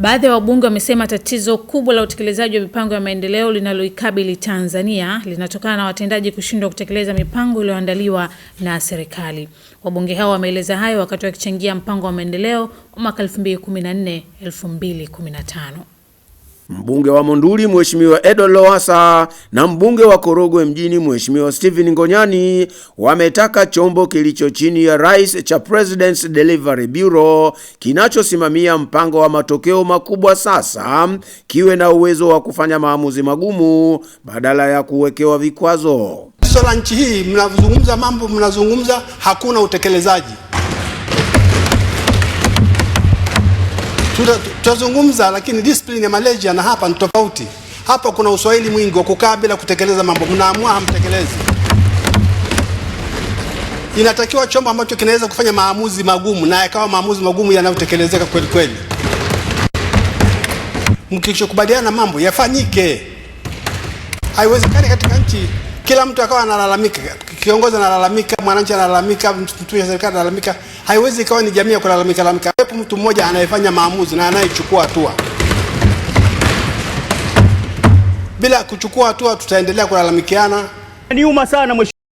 Baadhi ya wabunge wamesema tatizo kubwa la utekelezaji wa mipango ya maendeleo linaloikabili Tanzania linatokana na watendaji kushindwa kutekeleza mipango iliyoandaliwa na serikali. Wabunge hao wameeleza hayo wakati wakichangia mpango wa maendeleo wa mwaka 2014-2015 mbunge wa Monduli Mheshimiwa Edol lowasa na mbunge wa Korogwe mjini Mheshimiwa Stephen Ngonyani wametaka chombo kilicho chini ya rais cha President's Delivery Bureau kinachosimamia mpango wa matokeo makubwa sasa kiwe na uwezo wa kufanya maamuzi magumu badala ya kuwekewa vikwazo. Tatizo la nchi hii, mnazungumza mambo, mnazungumza hakuna utekelezaji. tutazungumza, lakini discipline ya Malaysia na hapa ni tofauti. Hapa kuna uswahili mwingi wa kukaa bila kutekeleza mambo, mnaamua hamtekelezi. Inatakiwa chombo ambacho kinaweza kufanya maamuzi magumu na yakawa maamuzi magumu yanayotekelezeka kweli kweli. Mkishokubaliana mambo yafanyike, haiwezekani katika nchi kila mtu akawa analalamika, kiongozi analalamika, mwananchi analalamika, mtu wa serikali analalamika. Haiwezi ikawa ni jamii ya kulalamika lalamika. Wepo mtu mmoja anayefanya maamuzi na anayechukua hatua. Bila kuchukua hatua, tutaendelea kulalamikiana. Niuma sana mwisho.